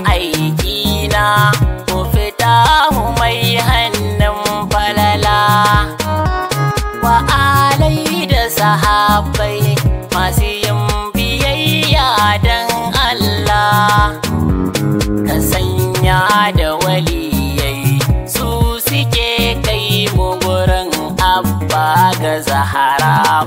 Aikina ku fita mai hannun falala wa alai da sahabbai masu yin biyayya don Allah ka sanya da waliyai su suke kai mu gurin abba ga Zahra.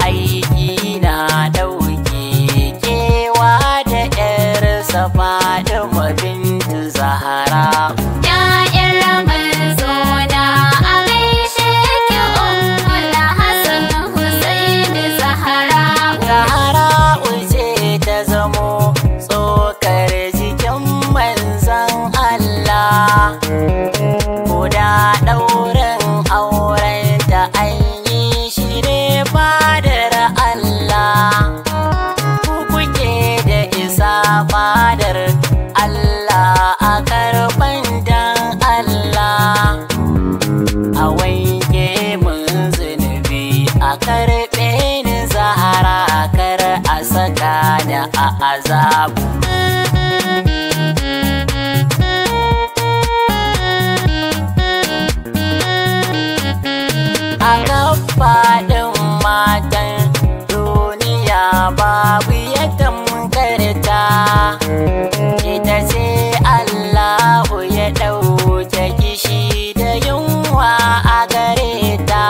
ahí ni a azabu a kafaɗin matan duniya babu ya tamkarta ita ce allahu ya ɗauke kishi da yunwa a gare ta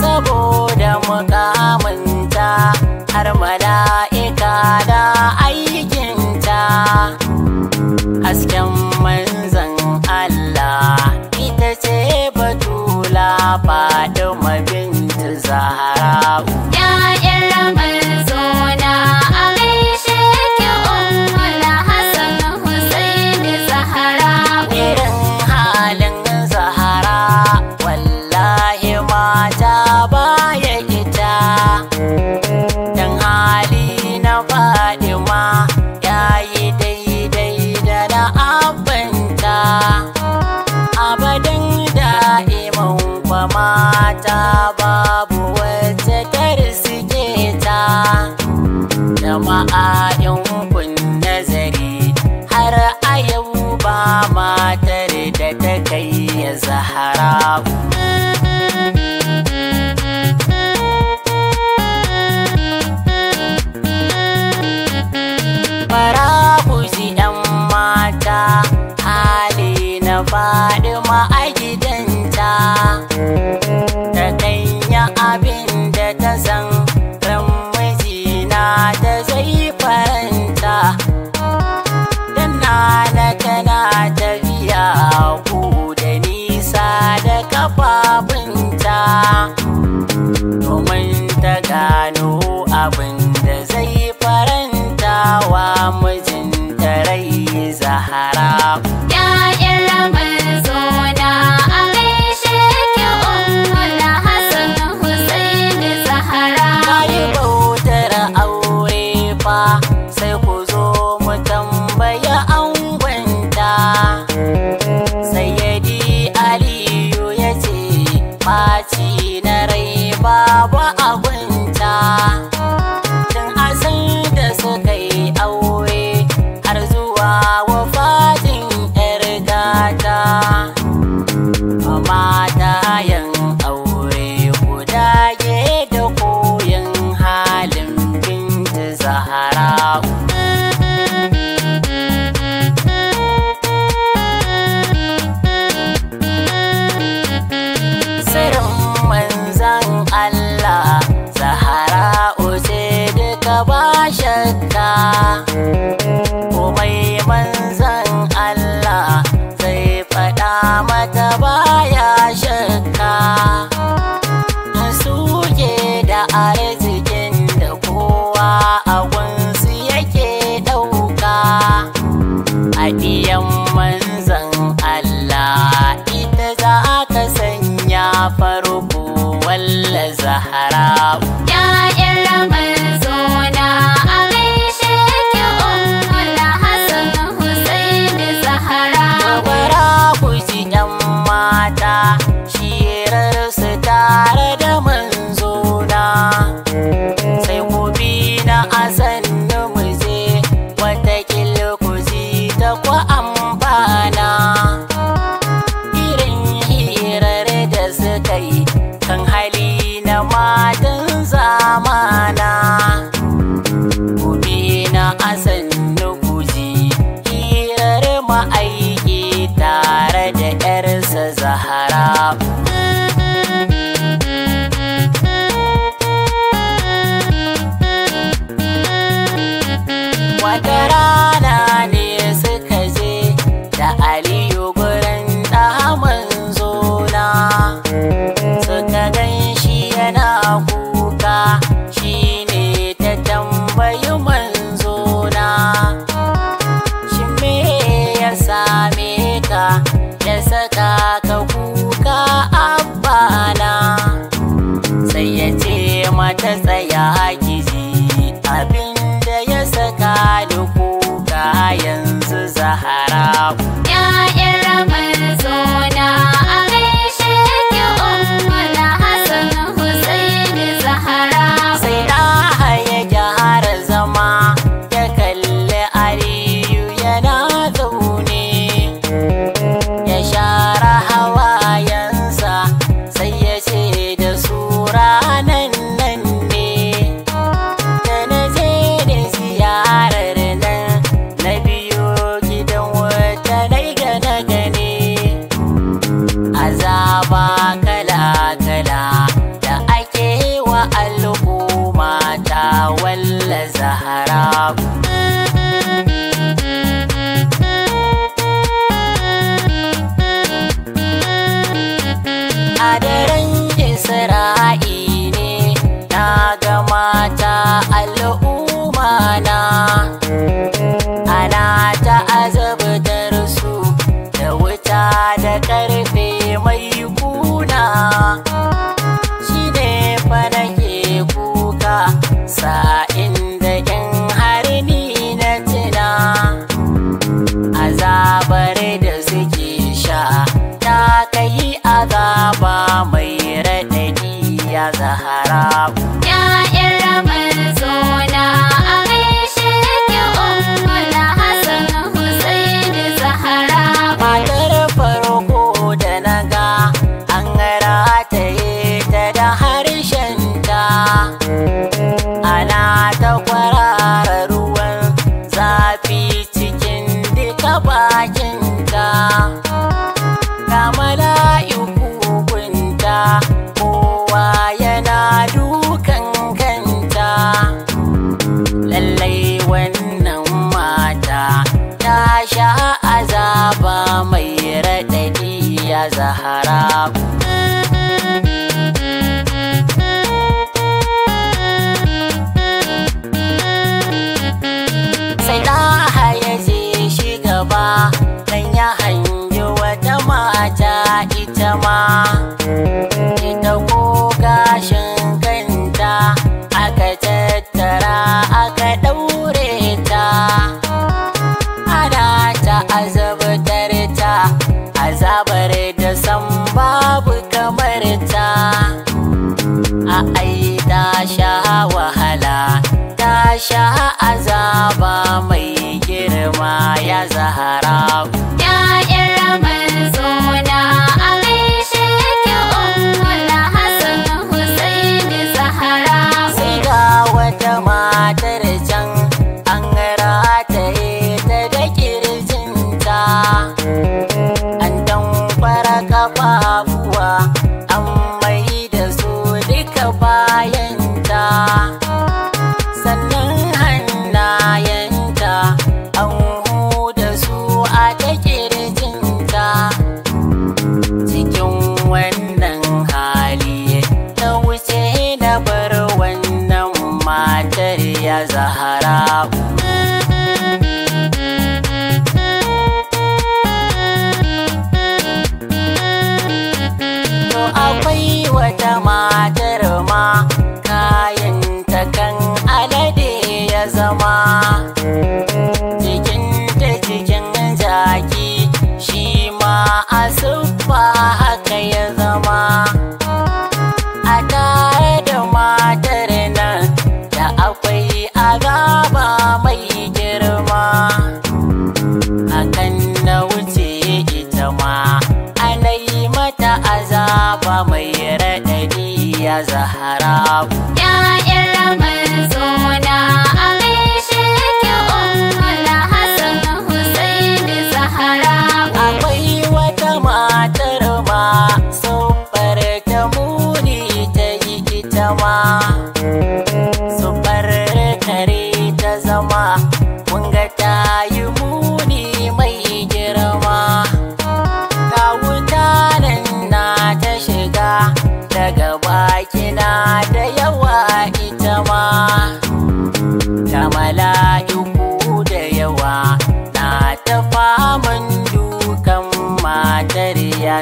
saboda muƙamu hasken manzan Allah ita ce batula faɗi mabin zahara. faɗi a gidanta ta danya abin da ta san ran mijina ta zai faranta tana tana tafiya ku da nisa da kafafunta domin ta gano abin da zai faranta wa mai ɓaci na rai babu abun arzikin da kowa a yake ɗauka a biyan manzan Allah ita za ka sanya farko walla zahara'u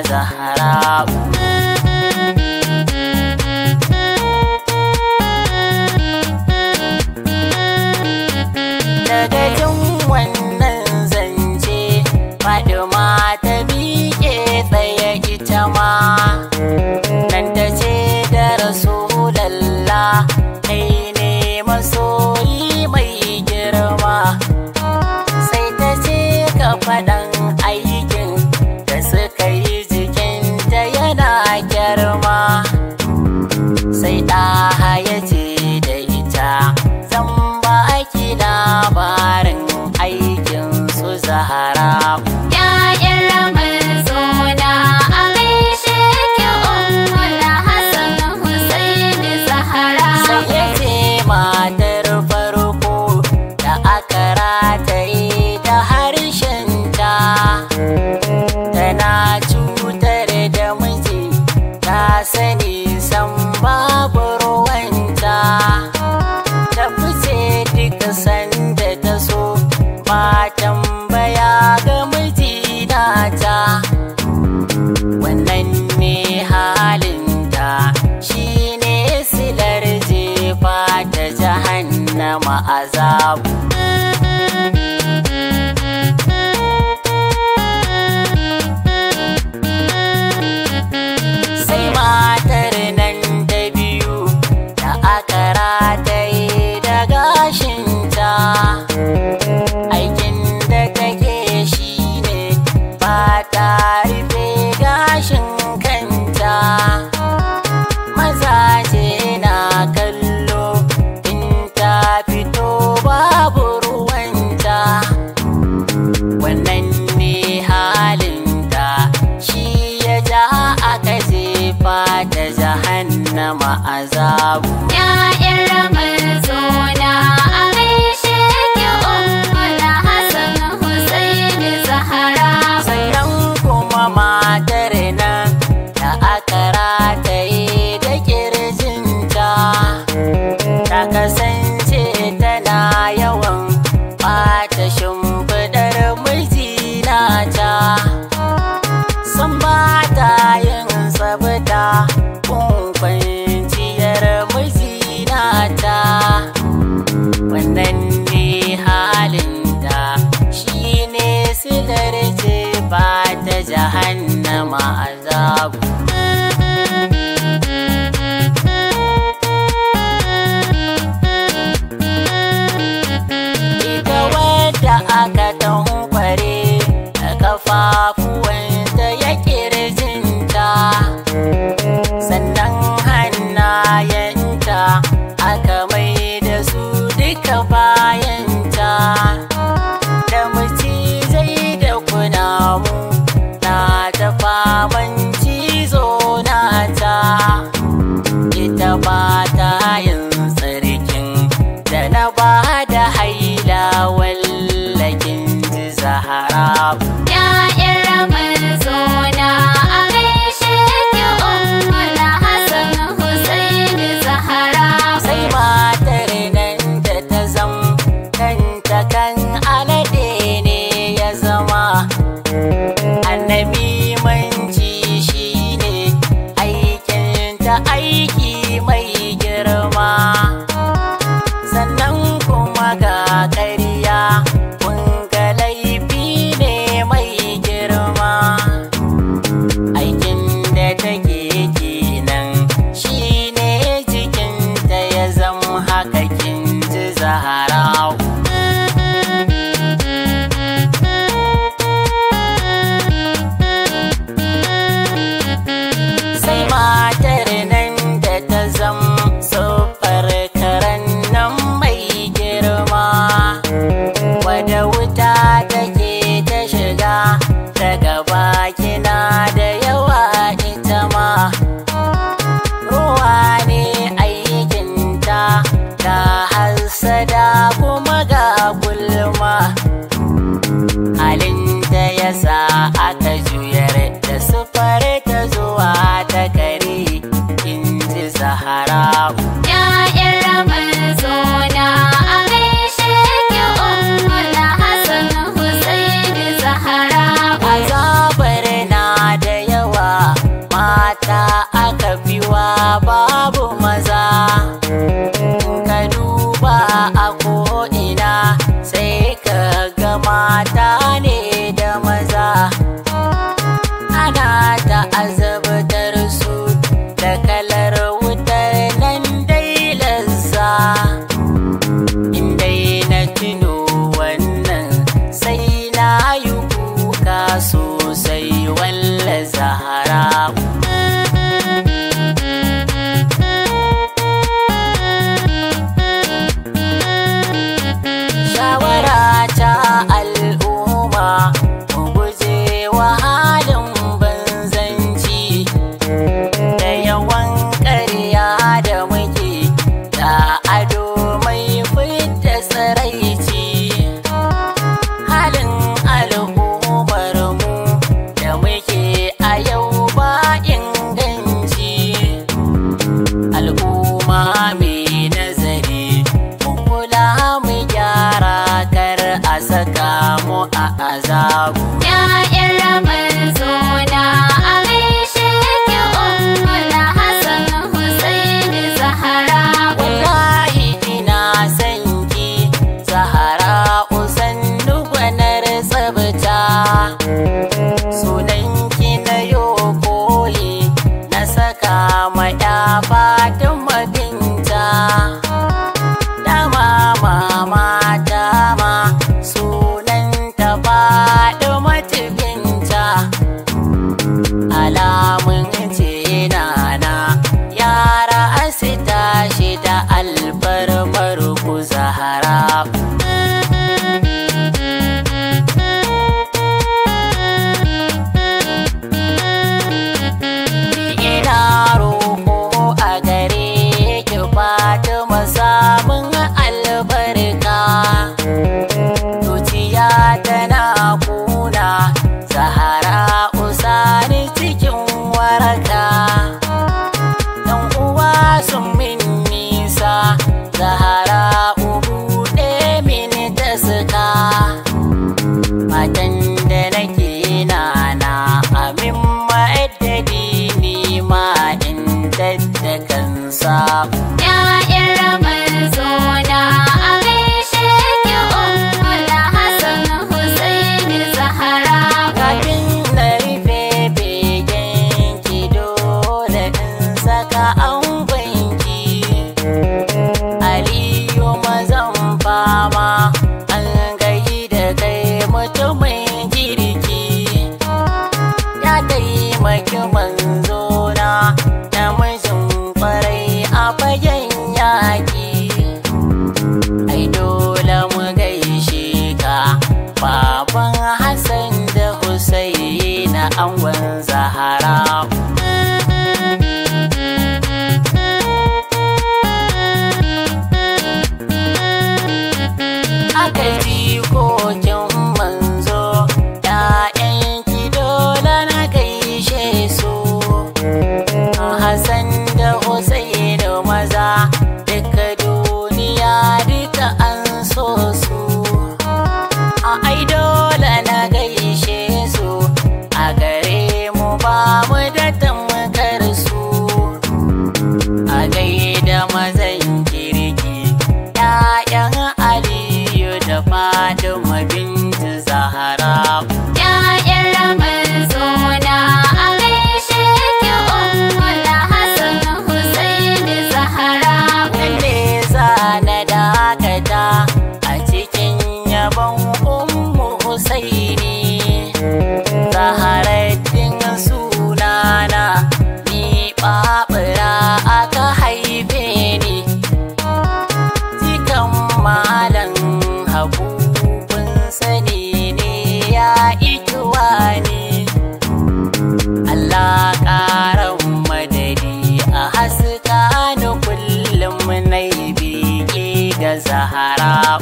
zahara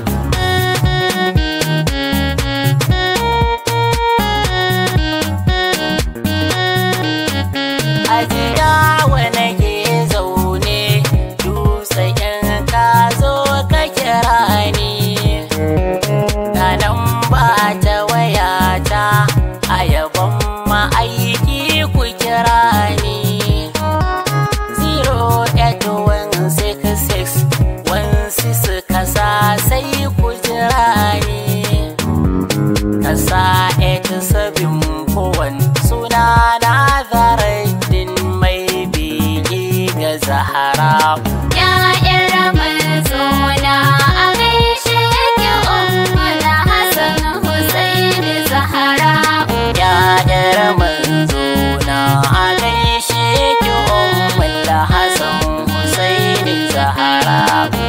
out. yara ya'yan ramazona a gaishe ke ummuna hasan husain zahara ya'yan ramazona a gaishe ke ummuna hasan husain zahara